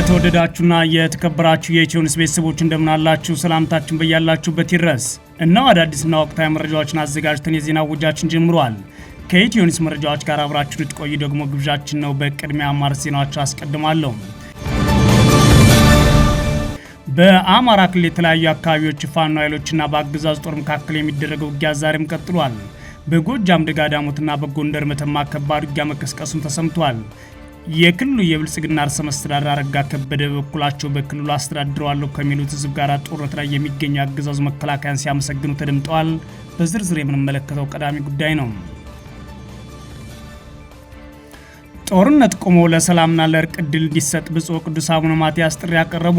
የተወደዳችሁና የተከበራችሁ የኢትዮንስ ቤተሰቦች እንደምናላችሁ ሰላምታችን በያላችሁበት ይድረስ። እነሆ አዳዲስና ወቅታዊ መረጃዎችን አዘጋጅተን የዜና ውጃችን ጀምሯል። ከኢትዮንስ መረጃዎች ጋር አብራችሁ ልትቆዩ ደግሞ ግብዣችን ነው። በቅድሚያ አማር ዜናዎችን አስቀድማለሁ። በአማራ ክልል የተለያዩ አካባቢዎች ፋኖ ኃይሎችና በአግዛዝ ጦር መካከል የሚደረገው ውጊያ ዛሬም ቀጥሏል። በጎጃም ደጋዳሞትና በጎንደር መተማ ከባድ ውጊያ መቀስቀሱን ተሰምቷል። የክልሉ የብልጽግና ርዕሰ መስተዳድር አረጋ ከበደ በበኩላቸው በክልሉ አስተዳድረዋለሁ ከሚሉት ህዝብ ጋር ጦርነት ላይ የሚገኙ አገዛዙ መከላከያን ሲያመሰግኑ ተደምጠዋል። በዝርዝር የምንመለከተው ቀዳሚ ጉዳይ ነው። ጦርነት ቆሞ ለሰላምና ለእርቅ እድል እንዲሰጥ ብፁዕ ወቅዱስ አቡነ ማትያስ ጥሪ አቀረቡ።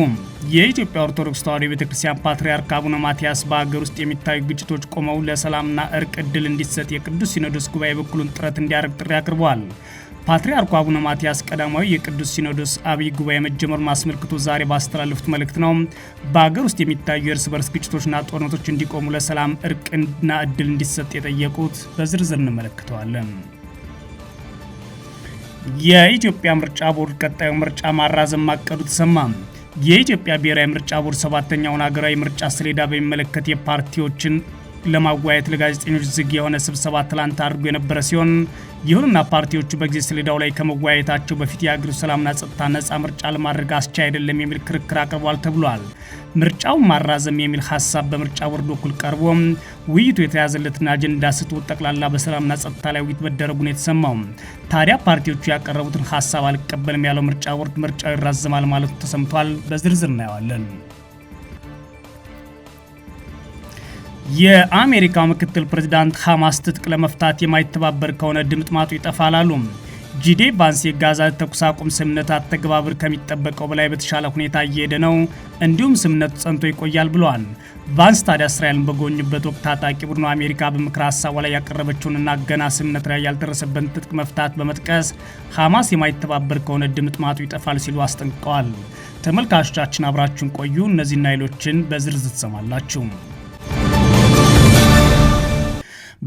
የኢትዮጵያ ኦርቶዶክስ ተዋሕዶ ቤተ ክርስቲያን ፓትርያርክ አቡነ ማትያስ በሀገር ውስጥ የሚታዩ ግጭቶች ቆመው ለሰላምና እርቅ እድል እንዲሰጥ የቅዱስ ሲኖዶስ ጉባኤ በኩሉን ጥረት እንዲያደርግ ጥሪ አቅርበዋል። ፓትርያርኩ አቡነ ማትያስ ቀዳማዊ የቅዱስ ሲኖዶስ አብይ ጉባኤ መጀመሩን አስመልክቶ ዛሬ ባስተላለፉት መልእክት ነው በሀገር ውስጥ የሚታዩ የእርስ በርስ ግጭቶችና ጦርነቶች እንዲቆሙ ለሰላም እርቅና እድል እንዲሰጥ የጠየቁት በዝርዝር እንመለከተዋለን። የኢትዮጵያ ምርጫ ቦርድ ቀጣዩ ምርጫ ማራዘም ማቀዱ ተሰማ። የኢትዮጵያ ብሔራዊ ምርጫ ቦርድ ሰባተኛውን ሀገራዊ ምርጫ ሰሌዳ በሚመለከት የፓርቲዎችን ለማወያየት ለጋዜጠኞች ዝግ የሆነ ስብሰባ ትላንት አድርጎ የነበረ ሲሆን ይሁንና ፓርቲዎቹ በጊዜ ሰሌዳው ላይ ከመወያየታቸው በፊት የአገሪቱ ሰላምና ጸጥታ ነፃ ምርጫ ለማድረግ አስቻ አይደለም የሚል ክርክር አቅርቧል ተብሏል። ምርጫው ማራዘም የሚል ሀሳብ በምርጫ ቦርድ በኩል ቀርቦ ውይይቱ የተያዘለትን አጀንዳ ስትውጥ ጠቅላላ በሰላምና ጸጥታ ላይ ውይይት መደረጉን የተሰማው ታዲያ ፓርቲዎቹ ያቀረቡትን ሀሳብ አልቀበልም ያለው ምርጫ ቦርድ ምርጫው ይራዘማል ማለቱ ተሰምቷል። በዝርዝር እናየዋለን። የአሜሪካው ምክትል ፕሬዚዳንት ሐማስ ትጥቅ ለመፍታት የማይተባበር ከሆነ ድምጥማጡ ይጠፋል አሉ። ጂዴ ቫንስ የጋዛ ተኩስ አቁም ስምምነት አተገባበር ከሚጠበቀው በላይ በተሻለ ሁኔታ እየሄደ ነው፣ እንዲሁም ስምምነቱ ጸንቶ ይቆያል ብለዋል። ቫንስ ታዲያ እስራኤልን በጎኙበት ወቅት ታጣቂ ቡድኑ አሜሪካ በምክረ ሀሳቧ ላይ ያቀረበችውንና ገና ስምምነት ላይ ያልደረሰበትን ትጥቅ መፍታት በመጥቀስ ሐማስ የማይተባበር ከሆነ ድምጥማጡ ይጠፋል ሲሉ አስጠንቅቀዋል። ተመልካቾቻችን አብራችሁን ቆዩ። እነዚህና ሌሎችን በዝርዝር ትሰማላችሁ።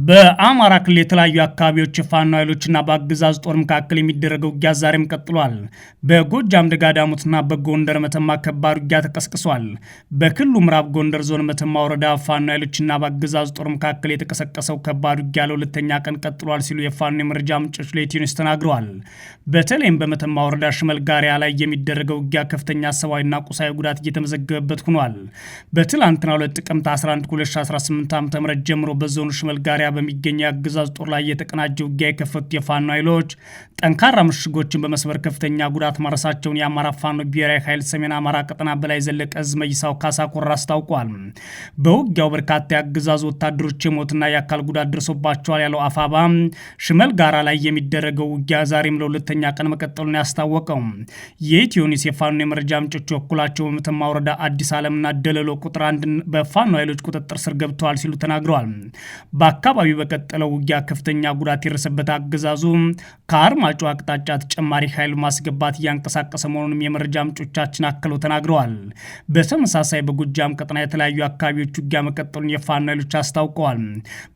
በአማራ ክልል የተለያዩ አካባቢዎች የፋኖ ኃይሎችና በአገዛዝ ጦር መካከል የሚደረገው ውጊያ ዛሬም ቀጥሏል። በጎጃም ደጋዳሞትና በጎንደር መተማ ከባድ ውጊያ ተቀስቅሷል። በክልሉ ምዕራብ ጎንደር ዞን መተማ ወረዳ ፋኖ ኃይሎችና በአገዛዝ ጦር መካከል የተቀሰቀሰው ከባድ ውጊያ ለሁለተኛ ቀን ቀጥሏል ሲሉ የፋኖ የመረጃ ምንጮች ለኢትዮ ኒውስ ተናግረዋል። በተለይም በመተማ ወረዳ ሽመል ጋሪያ ላይ የሚደረገው ውጊያ ከፍተኛ ሰብአዊና ቁሳዊ ጉዳት እየተመዘገበበት ሆኗል። በትላንትና ሁለት ጥቅምት 11 2018 ዓ ም ጀምሮ በዞኑ ሽመል ጋሪያ ዙሪያ በሚገኝ የአገዛዝ ጦር ላይ የተቀናጀ ውጊያ የከፈቱት የፋኖ ኃይሎች ጠንካራ ምሽጎችን በመስበር ከፍተኛ ጉዳት ማረሳቸውን የአማራ ፋኖ ብሔራዊ ኃይል ሰሜን አማራ ቀጠና በላይ ዘለቀ እዝ መይሳው ካሳ ኮራ አስታውቋል። በውጊያው በርካታ የአገዛዝ ወታደሮች የሞትና የአካል ጉዳት ደርሶባቸዋል ያለው አፋባ ሽመል ጋራ ላይ የሚደረገው ውጊያ ዛሬም ለሁለተኛ ቀን መቀጠሉን ያስታወቀው የኢትዮኒስ የፋኖ የመረጃ ምንጮች በኩላቸው በመተማ ወረዳ አዲስ ዓለምና ደለሎ ቁጥር አንድ በፋኖ ኃይሎች ቁጥጥር ስር ገብተዋል ሲሉ ተናግረዋል። በምዕራባዊ በቀጠለው ውጊያ ከፍተኛ ጉዳት የደረሰበት አገዛዙ ከአርማጮ አቅጣጫ ተጨማሪ ኃይል ማስገባት እያንቀሳቀሰ መሆኑንም የመረጃ ምንጮቻችን አክለው ተናግረዋል። በተመሳሳይ በጎጃም ቀጠና የተለያዩ አካባቢዎች ውጊያ መቀጠሉን የፋኖ ኃይሎች አስታውቀዋል።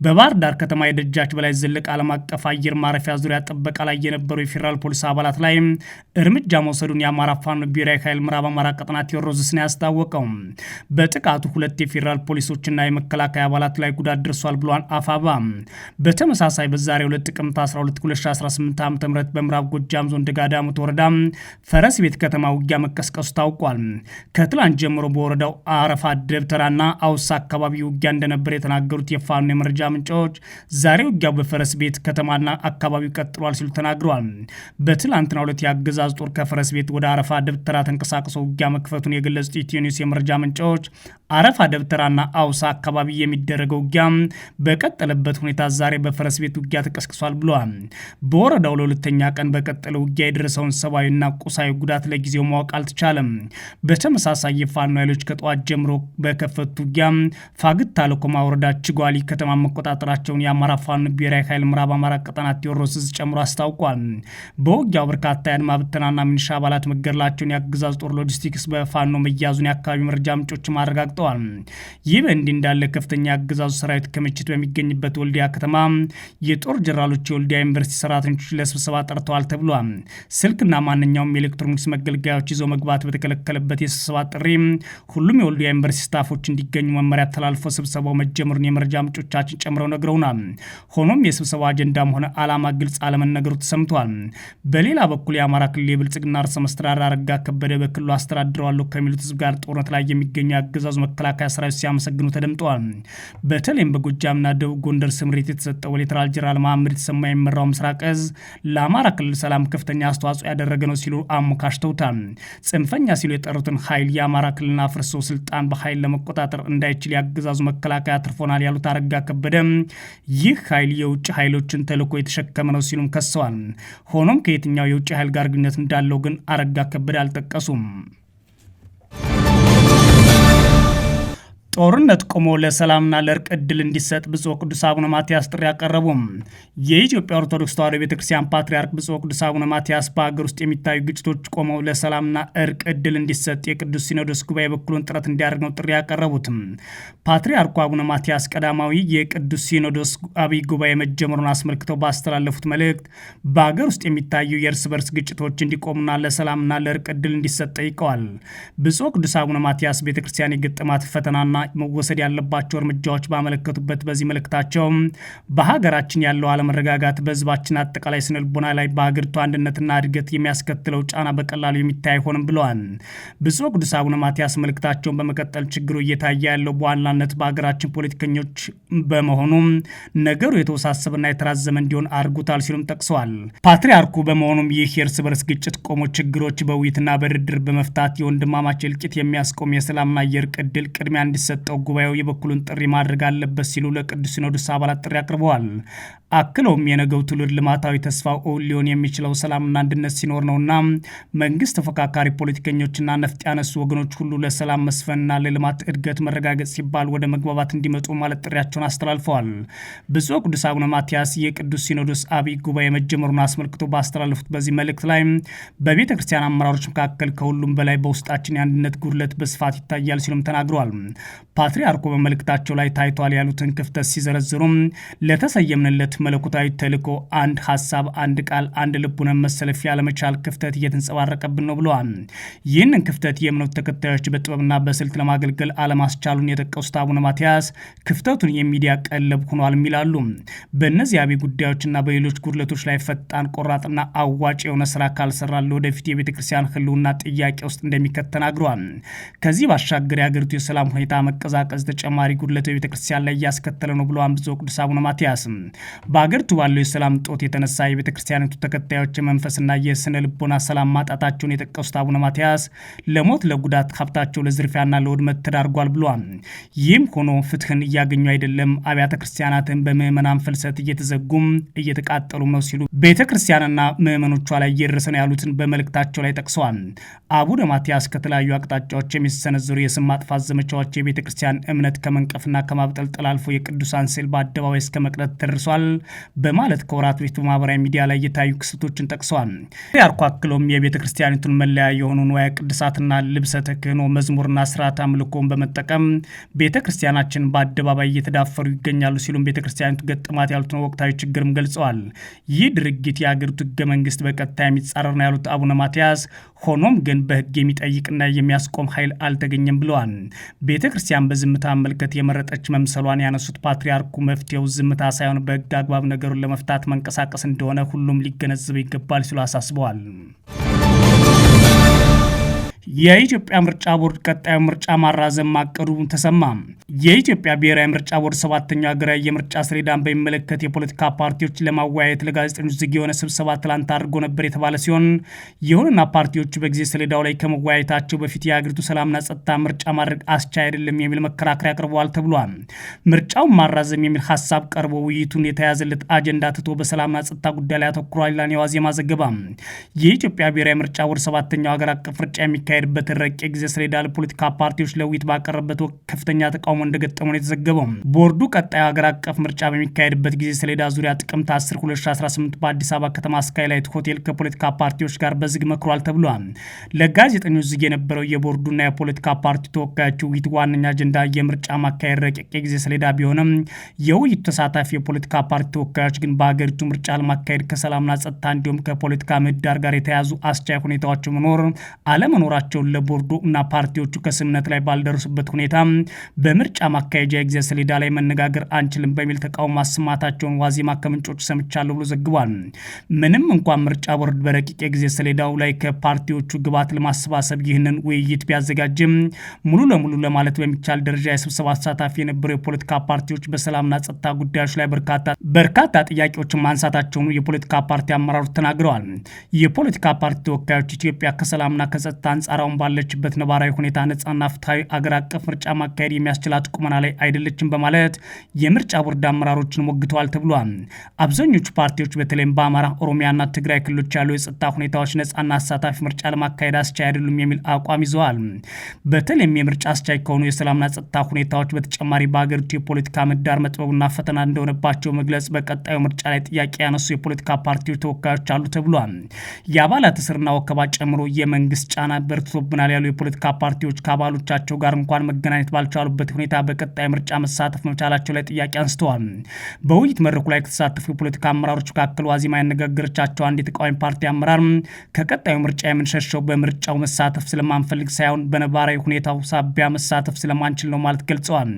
በባህር ዳር ከተማ የደጃች በላይ ዘለቀ ዓለም አቀፍ አየር ማረፊያ ዙሪያ ጥበቃ ላይ የነበሩ የፌዴራል ፖሊስ አባላት ላይ እርምጃ መውሰዱን የአማራ ፋኖ ብሔራዊ ኃይል ምዕራብ አማራ ቀጠና ቴዎድሮስ ያስታወቀው። በጥቃቱ ሁለት የፌዴራል ፖሊሶችና የመከላከያ አባላት ላይ ጉዳት ደርሷል ብሏል አፋባ አበባ። በተመሳሳይ በዛሬ ዕለት ጥቅምት 12 2018 ዓ ም በምዕራብ ጎጃም ዞን ደጋዳሞት ወረዳ ፈረስ ቤት ከተማ ውጊያ መቀስቀሱ ታውቋል። ከትላንት ጀምሮ በወረዳው አረፋ ደብተራና አውሳ አካባቢ ውጊያ እንደነበር የተናገሩት የፋኑ የመረጃ ምንጮች ዛሬ ውጊያው በፈረስ ቤት ከተማና አካባቢው ቀጥሏል ሲሉ ተናግረዋል። በትላንትና ሁለት የአገዛዝ ጦር ከፈረስ ቤት ወደ አረፋ ደብተራ ተንቀሳቅሶ ውጊያ መክፈቱን የገለጹት ኢትዮ ኒውስ የመረጃ ምንጮች አረፋ ደብተራና አውሳ አካባቢ የሚደረገው ውጊያ በቀጠለ ባለበት ሁኔታ ዛሬ በፈረስ ቤት ውጊያ ተቀስቅሷል ብለዋል። በወረዳው ለሁለተኛ ቀን በቀጠለ ውጊያ የደረሰውን ሰብአዊና ቁሳዊ ጉዳት ለጊዜው ማወቅ አልተቻለም። በተመሳሳይ የፋኖ ኃይሎች ከጠዋት ጀምሮ በከፈቱት ውጊያ ፋግታ ለኮማ ወረዳ ችጓሊ ከተማ መቆጣጠራቸውን የአማራ ፋኖ ብሔራዊ ኃይል ምዕራብ አማራ ቀጠና ቴዎድሮስዝ ጨምሮ አስታውቋል። በውጊያው በርካታ የአድማ ብተናና ሚኒሻ አባላት መገደላቸውን የአገዛዝ ጦር ሎጂስቲክስ በፋኖ መያዙን የአካባቢ መረጃ ምንጮችም አረጋግጠዋል። ይህ በእንዲህ እንዳለ ከፍተኛ የአገዛዙ ሰራዊት ክምችት በሚገኝበት ወልዲያ ከተማ የጦር ጀነራሎች የወልዲያ ዩኒቨርሲቲ ሰራተኞች ለስብሰባ ጠርተዋል ተብሏል። ስልክና ማንኛውም የኤሌክትሮኒክስ መገልገያዎች ይዞ መግባት በተከለከለበት የስብሰባ ጥሪ ሁሉም የወልዲያ ዩኒቨርሲቲ ስታፎች እንዲገኙ መመሪያ ተላልፎ ስብሰባው መጀመሩን የመረጃ ምንጮቻችን ጨምረው ነግረውናል። ሆኖም የስብሰባው አጀንዳም ሆነ ዓላማ ግልጽ አለመነገሩ ተሰምቷል። በሌላ በኩል የአማራ ክልል የብልጽግና ርዕሰ መስተዳድር አረጋ ከበደ በክልሉ አስተዳድረዋለሁ ከሚሉት ህዝብ ጋር ጦርነት ላይ የሚገኙ የአገዛዙ መከላከያ ሰራዊት ሲያመሰግኑ ተደምጠዋል። በተለይም በጎጃምና ደቡብ ጎን ጎንደር ስምሪት የተሰጠው ሌተናል ጄኔራል መሐመድ ተሰማ የሚመራው ምስራቅ እዝ ለአማራ ክልል ሰላም ከፍተኛ አስተዋጽኦ ያደረገ ነው ሲሉ አሞካሽተውታል። ጽንፈኛ ሲሉ የጠሩትን ኃይል የአማራ ክልልን አፍርሶ ስልጣን በኃይል ለመቆጣጠር እንዳይችል ያገዛዙ መከላከያ አትርፎናል ያሉት አረጋ ከበደ ይህ ኃይል የውጭ ኃይሎችን ተልዕኮ የተሸከመ ነው ሲሉም ከሰዋል። ሆኖም ከየትኛው የውጭ ኃይል ጋር ግንኙነት እንዳለው ግን አረጋ ከበደ አልጠቀሱም። ጦርነት ቆሞ ለሰላምና ለእርቅ እድል እንዲሰጥ ብፁዕ ቅዱስ አቡነ ማትያስ ጥሪ አቀረቡም። የኢትዮጵያ ኦርቶዶክስ ተዋሕዶ ቤተክርስቲያን ፓትርያርክ ብፁዕ ቅዱስ አቡነ ማትያስ በሀገር ውስጥ የሚታዩ ግጭቶች ቆመው ለሰላምና እርቅ እድል እንዲሰጥ የቅዱስ ሲኖዶስ ጉባኤ በኩሉን ጥረት እንዲያደርግ ነው ጥሪ ያቀረቡትም። ፓትርያርኩ አቡነ ማትያስ ቀዳማዊ የቅዱስ ሲኖዶስ አብይ ጉባኤ መጀመሩን አስመልክተው ባስተላለፉት መልእክት በሀገር ውስጥ የሚታዩ የእርስ በርስ ግጭቶች እንዲቆሙና ለሰላምና ለእርቅ እድል እንዲሰጥ ጠይቀዋል። ብፁዕ ቅዱስ አቡነ ማትያስ ቤተክርስቲያን የገጠማት ፈተናና መወሰድ ያለባቸው እርምጃዎች ባመለከቱበት በዚህ መልእክታቸው በሀገራችን ያለው አለመረጋጋት በህዝባችን አጠቃላይ ስነልቦና ላይ በሀገሪቱ አንድነትና እድገት የሚያስከትለው ጫና በቀላሉ የሚታይ አይሆንም ብለዋል። ብፁዕ ቅዱስ አቡነ ማትያስ መልእክታቸውን በመቀጠል ችግሩ እየታየ ያለው በዋናነት በሀገራችን ፖለቲከኞች በመሆኑ ነገሩ የተወሳሰበና የተራዘመ እንዲሆን አድርጉታል ሲሉም ጠቅሰዋል። ፓትርያርኩ በመሆኑም ይህ የእርስ በርስ ግጭት ቆሞ ችግሮች በውይይትና በድርድር በመፍታት የወንድማማች እልቂት የሚያስቆም የሰላምና የእርቅ ድል ቅድሚያ እንዲሰጥ የሰጠው ጉባኤው የበኩሉን ጥሪ ማድረግ አለበት ሲሉ ለቅዱስ ሲኖዶስ አባላት ጥሪ አቅርበዋል። አክለውም የነገው ትውልድ ልማታዊ ተስፋ እውን ሊሆን የሚችለው ሰላምና አንድነት ሲኖር ነውና መንግስት ተፎካካሪ ፖለቲከኞችና ነፍጥ ያነሱ ወገኖች ሁሉ ለሰላም መስፈንና ለልማት እድገት መረጋገጥ ሲባል ወደ መግባባት እንዲመጡ ማለት ጥሪያቸውን አስተላልፈዋል። ብፁዕ ቅዱስ አቡነ ማትያስ የቅዱስ ሲኖዶስ አብይ ጉባኤ መጀመሩን አስመልክቶ ባስተላለፉት በዚህ መልእክት ላይ በቤተ ክርስቲያን አመራሮች መካከል ከሁሉም በላይ በውስጣችን የአንድነት ጉድለት በስፋት ይታያል ሲሉም ተናግረዋል። ፓትርያርኩ በመልእክታቸው ላይ ታይቷል ያሉትን ክፍተት ሲዘረዝሩም ለተሰየምንለት መለኮታዊ ተልኮ አንድ ሀሳብ፣ አንድ ቃል፣ አንድ ልቡነን መሰለፍ ያለመቻል ክፍተት እየተንጸባረቀብን ነው ብለዋል። ይህንን ክፍተት የእምነቱ ተከታዮች በጥበብና በስልት ለማገልገል አለማስቻሉን የጠቀሱት አቡነ ማትያስ ክፍተቱን የሚዲያ ቀለብ ሆኗል ይላሉ። በእነዚህ አብይ ጉዳዮችና በሌሎች ጉድለቶች ላይ ፈጣን ቆራጥና አዋጭ የሆነ ስራ ካልሰራ ለወደፊት የቤተክርስቲያን ህልውና ጥያቄ ውስጥ እንደሚከት ተናግረዋል። ከዚህ ባሻገር የሀገሪቱ የሰላም ሁኔታ መቀዛቀዝ ተጨማሪ ጉድለቱ ቤተክርስቲያን ላይ እያስከተለ ነው ብሎ አንብዞ ቅዱስ አቡነ ማቲያስ በአገሪቱ ባለው የሰላም ጦት የተነሳ የቤተክርስቲያኒቱ ተከታዮች የመንፈስና የስነ ልቦና ሰላም ማጣታቸውን የጠቀሱት አቡነ ማትያስ ለሞት ለጉዳት፣ ሀብታቸው ለዝርፊያና ለውድመት ተዳርጓል ብሏል። ይህም ሆኖ ፍትህን እያገኙ አይደለም፣ አብያተ ክርስቲያናትን በምዕመናን ፍልሰት እየተዘጉም እየተቃጠሉም ነው ሲሉ ቤተክርስቲያንና ምዕመኖቿ ላይ እየደረሰ ነው ያሉትን በመልእክታቸው ላይ ጠቅሰዋል። አቡነ ማትያስ ከተለያዩ አቅጣጫዎች የሚሰነዘሩ የስም ማጥፋት ዘመቻዎች የቤተ የቤተ ክርስቲያን እምነት ከመንቀፍና ከማብጠልጠል አልፎ የቅዱሳን ስዕል በአደባባይ እስከ መቅረት ተደርሷል በማለት ከወራት በፊት በማህበራዊ ሚዲያ ላይ የታዩ ክስቶችን ጠቅሰዋል። ፓትርያርኩ አክሎም የቤተ ክርስቲያኒቱን መለያ የሆኑ ንዋየ ቅድሳትና ልብሰ ተክህኖ፣ መዝሙርና ስርዓት አምልኮን በመጠቀም ቤተ ክርስቲያናችን በአደባባይ እየተዳፈሩ ይገኛሉ ሲሉም ቤተ ክርስቲያኒቱ ገጥማት ያሉትን ወቅታዊ ችግርም ገልጸዋል። ይህ ድርጊት የአገሪቱ ህገ መንግስት በቀጥታ የሚጻረር ነው ያሉት አቡነ ማትያስ ሆኖም ግን በህግ የሚጠይቅና የሚያስቆም ኃይል አልተገኘም ብለዋል። ቤተ ቤተክርስቲያን በዝምታ መልከት የመረጠች መምሰሏን ያነሱት ፓትርያርኩ መፍትሄው ዝምታ ሳይሆን በህግ አግባብ ነገሩን ለመፍታት መንቀሳቀስ እንደሆነ ሁሉም ሊገነዘብ ይገባል ሲሉ አሳስበዋል። የኢትዮጵያ ምርጫ ቦርድ ቀጣዩ ምርጫ ማራዘም ማቀዱ ተሰማ። የኢትዮጵያ ብሔራዊ ምርጫ ቦርድ ሰባተኛው ሀገራዊ የምርጫ ሰሌዳን በሚመለከት የፖለቲካ ፓርቲዎች ለማወያየት ለጋዜጠኞች ዝግ የሆነ ስብሰባ ትላንት አድርጎ ነበር የተባለ ሲሆን ይሁንና ፓርቲዎቹ በጊዜ ሰሌዳው ላይ ከመወያየታቸው በፊት የሀገሪቱ ሰላምና ጸጥታ ምርጫ ማድረግ አስቻ አይደለም የሚል መከራከሪያ አቅርበዋል ተብሏል። ምርጫውን ማራዘም የሚል ሀሳብ ቀርቦ ውይይቱን የተያዘለት አጀንዳ ትቶ በሰላምና ጸጥታ ጉዳይ ላይ አተኩሯል። ላን የዋዜማ ዘገባ የኢትዮጵያ ብሔራዊ ምርጫ ቦርድ ሰባተኛው ሀገር አቀፍ ምርጫ የሚካሄድበት ረቂ ጊዜ ሰሌዳ ለፖለቲካ ፓርቲዎች ለውይት ባቀረበት ወቅት ከፍተኛ ተቃውሞ እንደገጠመው ነው የተዘገበው። ቦርዱ ቀጣይ ሀገር አቀፍ ምርጫ በሚካሄድበት ጊዜ ሰሌዳ ዙሪያ ጥቅምት 10 2018 በአዲስ አበባ ከተማ ስካይላይት ሆቴል ከፖለቲካ ፓርቲዎች ጋር በዝግ መክሯል ተብሏል። ለጋዜጠኞች ዝግ የነበረው የቦርዱና የፖለቲካ ፓርቲ ተወካዮች ውይይት ዋነኛ አጀንዳ የምርጫ ማካሄድ ረቂቅ የጊዜ ሰሌዳ ቢሆንም የውይይቱ ተሳታፊ የፖለቲካ ፓርቲ ተወካዮች ግን በሀገሪቱ ምርጫ ለማካሄድ ከሰላምና ጸጥታ እንዲሁም ከፖለቲካ ምህዳር ጋር የተያዙ አስቻይ ሁኔታዎች መኖር አለመኖራ መኖራቸውን ለቦርዱ እና ፓርቲዎቹ ከስምነት ላይ ባልደረሱበት ሁኔታ በምርጫ ማካሄጃ የጊዜ ሰሌዳ ላይ መነጋገር አንችልም በሚል ተቃውሞ ማሰማታቸውን ዋዜማ ከምንጮች ሰምቻለሁ ብሎ ዘግቧል። ምንም እንኳን ምርጫ ቦርድ በረቂቅ የጊዜ ሰሌዳው ላይ ከፓርቲዎቹ ግብዓት ለማሰባሰብ ይህንን ውይይት ቢያዘጋጅም ሙሉ ለሙሉ ለማለት በሚቻል ደረጃ የስብሰባ አሳታፊ የነበሩ የፖለቲካ ፓርቲዎች በሰላምና ጸጥታ ጉዳዮች ላይ በርካታ ጥያቄዎችን ማንሳታቸውን የፖለቲካ ፓርቲ አመራሮች ተናግረዋል። የፖለቲካ ፓርቲ ተወካዮች ኢትዮጵያ ከሰላምና ከጸጥታ አንጻር አሁን ባለችበት ነባራዊ ሁኔታ ነጻና ፍትሐዊ አገር አቀፍ ምርጫ ማካሄድ የሚያስችላት ቁመና ላይ አይደለችም በማለት የምርጫ ቦርድ አመራሮችን ሞግተዋል ተብሏል። አብዛኞቹ ፓርቲዎች በተለይም በአማራ ኦሮሚያና ትግራይ ክልሎች ያሉ የጸጥታ ሁኔታዎች ነጻና አሳታፊ ምርጫ ለማካሄድ አስቻይ አይደሉም የሚል አቋም ይዘዋል። በተለይም የምርጫ አስቻይ ከሆኑ የሰላምና ጸጥታ ሁኔታዎች በተጨማሪ በሀገሪቱ የፖለቲካ ምህዳር መጥበቡና ፈተና እንደሆነባቸው መግለጽ በቀጣዩ ምርጫ ላይ ጥያቄ ያነሱ የፖለቲካ ፓርቲዎች ተወካዮች አሉ ተብሏል። የአባላት እስርና ወከባ ጨምሮ የመንግስት ጫና በርትቶብናል ያሉ የፖለቲካ ፓርቲዎች ከአባሎቻቸው ጋር እንኳን መገናኘት ባልቻሉበት ሁኔታ በቀጣይ ምርጫ መሳተፍ መቻላቸው ላይ ጥያቄ አንስተዋል። በውይይት መድረኩ ላይ ከተሳተፉ የፖለቲካ አመራሮች መካከል ዋዜማ ያነጋገረቻቸው አንድ የተቃዋሚ ፓርቲ አመራር ከቀጣዩ ምርጫ የምንሸሸው በምርጫው መሳተፍ ስለማንፈልግ ሳይሆን በነባራዊ ሁኔታው ሳቢያ መሳተፍ ስለማንችል ነው ማለት ገልጸዋል።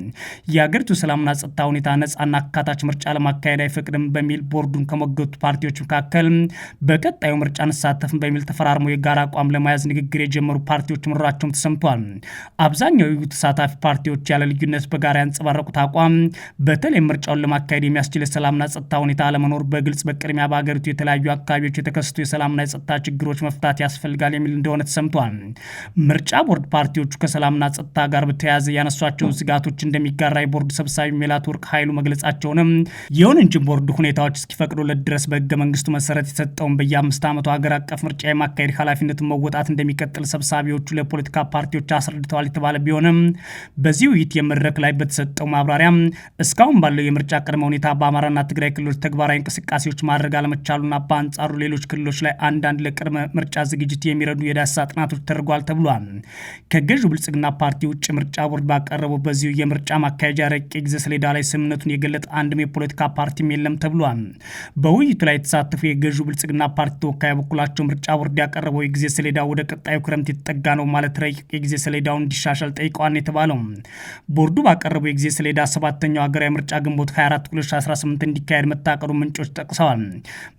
የአገሪቱ ሰላምና ጸጥታ ሁኔታ ነጻና አካታች ምርጫ ለማካሄድ አይፈቅድም በሚል ቦርዱን ከሞገቱ ፓርቲዎች መካከል በቀጣዩ ምርጫ እንሳተፍም በሚል ተፈራርሞ የጋራ አቋም ለመያዝ ንግግር የጀመሩ የጀመሩ ፓርቲዎች ምራቸውም ተሰምቷል። አብዛኛው የውይይቱ ተሳታፊ ፓርቲዎች ያለ ልዩነት በጋራ ያንጸባረቁት አቋም በተለይ ምርጫውን ለማካሄድ የሚያስችል የሰላምና ጸጥታ ሁኔታ አለመኖር በግልጽ በቅድሚያ በሀገሪቱ የተለያዩ አካባቢዎች የተከሰቱ የሰላምና የጸጥታ ችግሮች መፍታት ያስፈልጋል የሚል እንደሆነ ተሰምቷል። ምርጫ ቦርድ ፓርቲዎቹ ከሰላምና ጸጥታ ጋር በተያያዘ ያነሷቸውን ስጋቶች እንደሚጋራ የቦርድ ሰብሳቢ ሜላትወርቅ ኃይሉ መግለጻቸውንም ይሁን እንጂ ቦርድ ሁኔታዎች እስኪፈቅዱለት ድረስ በህገ መንግስቱ መሰረት የሰጠውን በየአምስት ዓመቱ ሀገር አቀፍ ምርጫ የማካሄድ ኃላፊነቱን መወጣት እንደሚቀጥል ሰብሳቢዎቹ ለፖለቲካ ፓርቲዎች አስረድተዋል የተባለ ቢሆንም በዚህ ውይይት የመድረክ ላይ በተሰጠው ማብራሪያ እስካሁን ባለው የምርጫ ቅድመ ሁኔታ በአማራና ትግራይ ክልሎች ተግባራዊ እንቅስቃሴዎች ማድረግ አለመቻሉና በአንጻሩ ሌሎች ክልሎች ላይ አንዳንድ ለቅድመ ምርጫ ዝግጅት የሚረዱ የዳሰሳ ጥናቶች ተደርጓል ተብሏል። ከገዢው ብልጽግና ፓርቲ ውጭ ምርጫ ቦርድ ባቀረበው በዚሁ የምርጫ ማካሄጃ ረቂቅ ጊዜ ሰሌዳ ላይ ስምምነቱን የገለጠ አንድም የፖለቲካ ፓርቲም የለም ተብሏል። በውይይቱ ላይ የተሳተፉ የገዢው ብልጽግና ፓርቲ ተወካይ በኩላቸው ምርጫ ቦርድ ያቀረበው የጊዜ ሰሌዳ ወደ ቀጣዩ ክረምት የተጠጋ ነው ማለት ረቂቅ የጊዜ ሰሌዳውን እንዲሻሻል ጠይቀዋል የተባለው ቦርዱ ባቀረበው የጊዜ ሰሌዳ ሰባተኛው ሀገራዊ ምርጫ ግንቦት 24 2018 እንዲካሄድ መታቀዱ ምንጮች ጠቅሰዋል።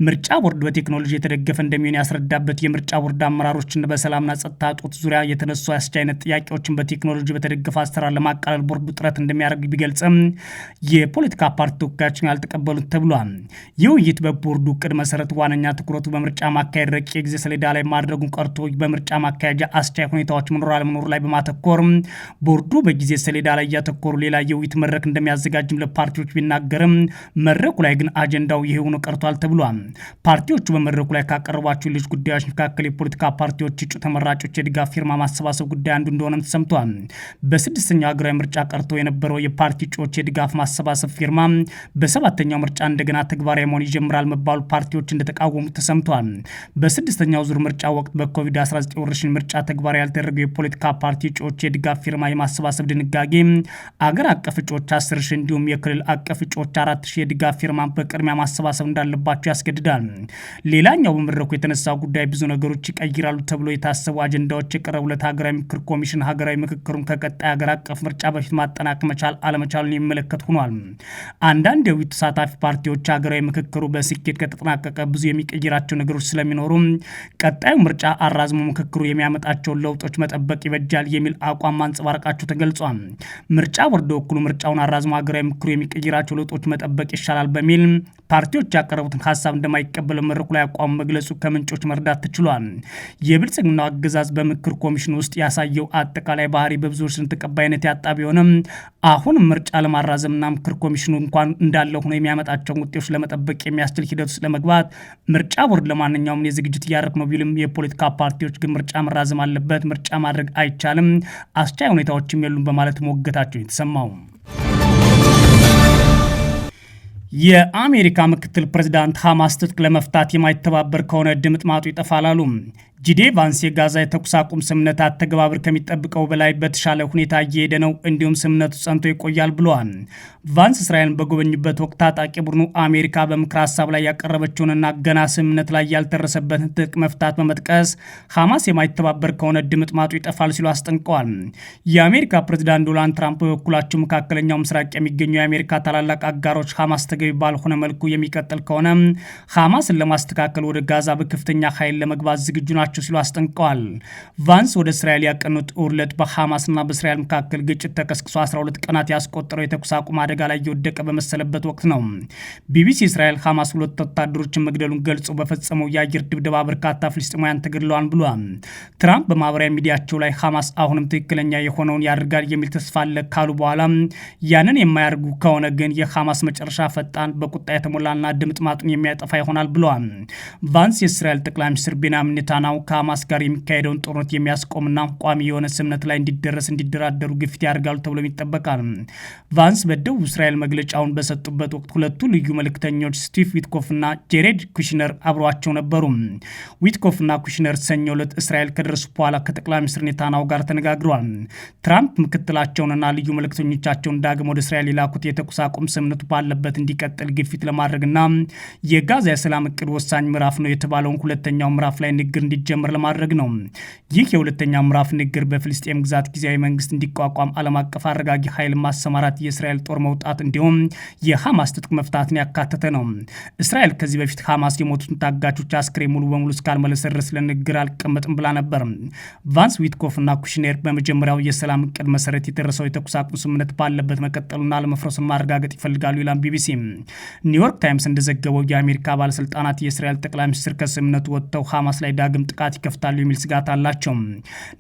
ምርጫ ቦርድ በቴክኖሎጂ የተደገፈ እንደሚሆን ያስረዳበት የምርጫ ቦርድ አመራሮችን በሰላምና ጸጥታ ጦት ዙሪያ የተነሱ አስቻ አይነት ጥያቄዎችን በቴክኖሎጂ በተደገፈ አሰራር ለማቃለል ቦርዱ ጥረት እንደሚያደርግ ቢገልጽም የፖለቲካ ፓርቲ ተወካዮችን ያልተቀበሉት ተብሏል። ይህ ውይይት በቦርዱ እቅድ መሰረት ዋነኛ ትኩረቱ በምርጫ ማካሄድ ረቂቅ የጊዜ ሰሌዳ ላይ ማድረጉን ቀርቶ በምርጫ ማካሄጃ ደረጃ አስቻይ ሁኔታዎች መኖር አለመኖር ላይ በማተኮር ቦርዱ በጊዜ ሰሌዳ ላይ እያተኮሩ ሌላ የውይይት መድረክ እንደሚያዘጋጅም ለፓርቲዎች ቢናገርም መድረኩ ላይ ግን አጀንዳው ይሄ ሆኖ ቀርቷል ተብሏል። ፓርቲዎቹ በመድረኩ ላይ ካቀረቧቸው ሌሎች ጉዳዮች መካከል የፖለቲካ ፓርቲዎች እጩ ተመራጮች የድጋፍ ፊርማ ማሰባሰብ ጉዳይ አንዱ እንደሆነም ተሰምቷል። በስድስተኛው ሀገራዊ ምርጫ ቀርቶ የነበረው የፓርቲ እጩዎች የድጋፍ ማሰባሰብ ፊርማ በሰባተኛው ምርጫ እንደገና ተግባራዊ መሆን ይጀምራል መባሉ ፓርቲዎች እንደተቃወሙ ተሰምቷል። በስድስተኛው ዙር ምርጫ ወቅት በኮቪድ-19 ወረርሽኝ ምርጫ ምርጫ ተግባር ያልተደረገው የፖለቲካ ፓርቲ እጩዎች የድጋፍ ፊርማ የማሰባሰብ ድንጋጌ አገር አቀፍ እጩዎች አስር ሺህ እንዲሁም የክልል አቀፍ እጩዎች አራት ሺህ የድጋፍ ፊርማ በቅድሚያ ማሰባሰብ እንዳለባቸው ያስገድዳል። ሌላኛው በመድረኩ የተነሳው ጉዳይ ብዙ ነገሮች ይቀይራሉ ተብሎ የታሰቡ አጀንዳዎች የቀረቡለት ሀገራዊ ምክር ኮሚሽን ሀገራዊ ምክክሩን ከቀጣይ ሀገር አቀፍ ምርጫ በፊት ማጠናቅ መቻል አለመቻሉን የሚመለከት ሆኗል። አንዳንድ የውይይቱ ተሳታፊ ፓርቲዎች ሀገራዊ ምክክሩ በስኬት ከተጠናቀቀ ብዙ የሚቀይራቸው ነገሮች ስለሚኖሩ ቀጣዩ ምርጫ አራዝሞ ምክክሩ የሚያ የሚያመጣቸውን ለውጦች መጠበቅ ይበጃል የሚል አቋም ማንጸባረቃቸው ተገልጿል። ምርጫ ቦርድ በበኩሉ ምርጫውን አራዝሞ ሀገራዊ ምክሩ የሚቀይራቸው ለውጦች መጠበቅ ይሻላል በሚል ፓርቲዎች ያቀረቡትን ሀሳብ እንደማይቀበለው መድረኩ ላይ አቋሙ መግለጹ ከምንጮች መረዳት ተችሏል። የብልጽግናው አገዛዝ በምክር ኮሚሽን ውስጥ ያሳየው አጠቃላይ ባህሪ በብዙዎች ዘንድ ተቀባይነት ያጣ ቢሆንም አሁንም ምርጫ ለማራዘምና ምክር ኮሚሽኑ እንኳን እንዳለ ሆኖ የሚያመጣቸውን ውጤቶች ለመጠበቅ የሚያስችል ሂደት ውስጥ ለመግባት ምርጫ ቦርድ ለማንኛውም የዝግጅት እያደረግ ነው ቢልም የፖለቲካ ፓርቲዎች ግን ምርጫ መራዘም አለበት፣ ምርጫ ማድረግ አይቻልም፣ አስቻይ ሁኔታዎችም የሉም በማለት መወገታቸው የተሰማው የአሜሪካ ምክትል ፕሬዚዳንት ሐማስ ትጥቅ ለመፍታት የማይተባበር ከሆነ ድምጥማጡ ይጠፋል አሉ። ጂዴ ቫንስ የጋዛ የተኩስ አቁም ስምነት አተገባበር ከሚጠብቀው በላይ በተሻለ ሁኔታ እየሄደ ነው፣ እንዲሁም ስምነቱ ጸንቶ ይቆያል ብለዋል። ቫንስ እስራኤልን በጎበኙበት ወቅት ታጣቂ ቡድኑ አሜሪካ በምክር ሀሳብ ላይ ያቀረበችውንና ገና ስምነት ላይ ያልተረሰበትን ትጥቅ መፍታት በመጥቀስ ሐማስ የማይተባበር ከሆነ ድምጥማጡ ይጠፋል ሲሉ አስጠንቀዋል። የአሜሪካ ፕሬዚዳንት ዶናልድ ትራምፕ በበኩላቸው መካከለኛው ምስራቅ የሚገኙ የአሜሪካ ታላላቅ አጋሮች ሐማስ ተገቢ ባልሆነ መልኩ የሚቀጥል ከሆነ ሐማስን ለማስተካከል ወደ ጋዛ በከፍተኛ ኃይል ለመግባት ዝግጁ ናቸው ናቸው ሲሉ አስጠንቅቀዋል። ቫንስ ወደ እስራኤል ያቀኑት ውርለት በሐማስና በእስራኤል መካከል ግጭት ተቀስቅሶ 12 ቀናት ያስቆጠረው የተኩስ አቁም አደጋ ላይ እየወደቀ በመሰለበት ወቅት ነው። ቢቢሲ እስራኤል ሐማስ ሁለት ወታደሮችን መግደሉን ገልጾ በፈጸመው የአየር ድብደባ በርካታ ፍልስጤማውያን ተገድለዋል ብሏል። ትራምፕ በማህበራዊ ሚዲያቸው ላይ ሐማስ አሁንም ትክክለኛ የሆነውን ያደርጋል የሚል ተስፋ አለ ካሉ በኋላ ያንን የማያደርጉ ከሆነ ግን የሐማስ መጨረሻ ፈጣን፣ በቁጣ የተሞላና ድምጥ ማጡን የሚያጠፋ ይሆናል ብለዋል። ቫንስ የእስራኤል ጠቅላይ ሚኒስትር ቤንያሚን ኔታንያሁ ከሐማስ ጋር የሚካሄደውን ጦርነት የሚያስቆምና ቋሚ የሆነ ስምነት ላይ እንዲደረስ እንዲደራደሩ ግፊት ያደርጋሉ ተብሎም ይጠበቃል። ቫንስ በደቡብ እስራኤል መግለጫውን በሰጡበት ወቅት ሁለቱ ልዩ መልእክተኞች ስቲቭ ዊትኮፍና ጄሬድ ኩሽነር አብረዋቸው ነበሩ። ዊትኮፍና ኩሽነር ሰኞ ዕለት እስራኤል ከደረሱ በኋላ ከጠቅላይ ሚኒስትር ኔታናው ጋር ተነጋግረዋል። ትራምፕ ምክትላቸውንና ልዩ መልእክተኞቻቸውን ዳግም ወደ እስራኤል የላኩት የተኩስ አቁም ስምነቱ ባለበት እንዲቀጥል ግፊት ለማድረግና የጋዛ የሰላም እቅድ ወሳኝ ምዕራፍ ነው የተባለውን ሁለተኛው ምዕራፍ ላይ ንግግር እንዲጀ እንዲጀምር ለማድረግ ነው። ይህ የሁለተኛ ምዕራፍ ንግግር በፍልስጤም ግዛት ጊዜያዊ መንግስት እንዲቋቋም ዓለም አቀፍ አረጋጊ ኃይል ማሰማራት፣ የእስራኤል ጦር መውጣት እንዲሁም የሐማስ ትጥቅ መፍታትን ያካተተ ነው። እስራኤል ከዚህ በፊት ሐማስ የሞቱትን ታጋቾች አስክሬን ሙሉ በሙሉ እስካልመለሰ ድረስ ለንግግር አልቀመጥም ብላ ነበር። ቫንስ ዊትኮፍ እና ኩሽኔር በመጀመሪያው የሰላም እቅድ መሰረት የደረሰው የተኩስ አቁም ስምምነት ባለበት መቀጠሉና አለመፍረሱን ማረጋገጥ ይፈልጋሉ ይላል ቢቢሲ። ኒውዮርክ ታይምስ እንደዘገበው የአሜሪካ ባለስልጣናት የእስራኤል ጠቅላይ ሚኒስትር ከስምምነቱ ወጥተው ሐማስ ላይ ዳግም ጥቃት ጥቃት ይከፍታሉ የሚል ስጋት አላቸው።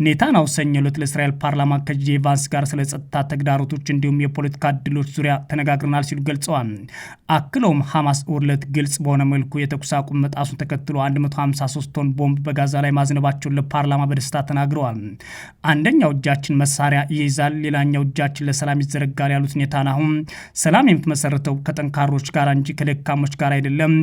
ኔታንያሁ ሰኞ ዕለት ለእስራኤል ፓርላማ ከጄ ቫንስ ጋር ስለ ጸጥታ ተግዳሮቶች እንዲሁም የፖለቲካ እድሎች ዙሪያ ተነጋግረናል ሲሉ ገልጸዋል። አክለውም ሐማስ እሁድ ዕለት ግልጽ በሆነ መልኩ የተኩስ አቁም መጣሱን ተከትሎ 153 ቶን ቦምብ በጋዛ ላይ ማዝነባቸውን ለፓርላማ በደስታ ተናግረዋል። አንደኛው እጃችን መሳሪያ ይይዛል፣ ሌላኛው እጃችን ለሰላም ይዘረጋል ያሉት ኔታንያሁም ሰላም የምትመሰረተው ከጠንካሮች ጋር እንጂ ከደካሞች ጋር አይደለም፣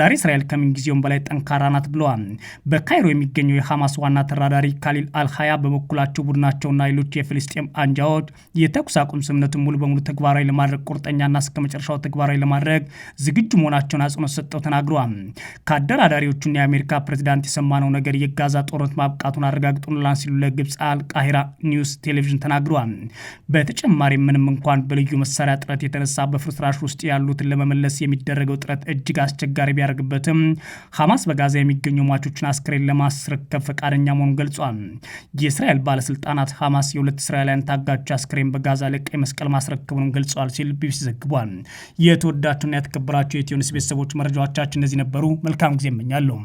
ዛሬ እስራኤል ከምን በላይ ጠንካራ ናት ብለዋል። በካይሮ የሚ የሚገኘው የሐማስ ዋና ተራዳሪ ካሊል አልሀያ በበኩላቸው ቡድናቸውና ሌሎች የፍልስጤም አንጃዎች የተኩስ አቁም ስምምነቱን ሙሉ በሙሉ ተግባራዊ ለማድረግ ቁርጠኛና እስከ መጨረሻው ተግባራዊ ለማድረግ ዝግጁ መሆናቸውን አጽንኦት ሰጠው ተናግረዋል። ከአደራዳሪዎቹና የአሜሪካ ፕሬዚዳንት የሰማነው ነገር የጋዛ ጦርነት ማብቃቱን አረጋግጡልናል ሲሉ ለግብፅ አልቃሂራ ኒውስ ቴሌቪዥን ተናግረዋል። በተጨማሪም ምንም እንኳን በልዩ መሳሪያ ጥረት የተነሳ በፍርስራሽ ውስጥ ያሉትን ለመመለስ የሚደረገው ጥረት እጅግ አስቸጋሪ ቢያደርግበትም ሐማስ በጋዛ የሚገኙ ሟቾችን አስክሬን ለማ ለማስረከብ ፈቃደኛ መሆኑን ገልጿል። የእስራኤል ባለስልጣናት ሐማስ የሁለት እስራኤላውያን ታጋቾች አስክሬን በጋዛ ለቀይ መስቀል ማስረከቡን ገልጿል ሲል ቢቢሲ ዘግቧል። የተወዳችሁና የተከበራቸው የኢትዮ ኒውስ ቤተሰቦች መረጃዎቻችን እነዚህ ነበሩ። መልካም ጊዜ እመኛለሁ።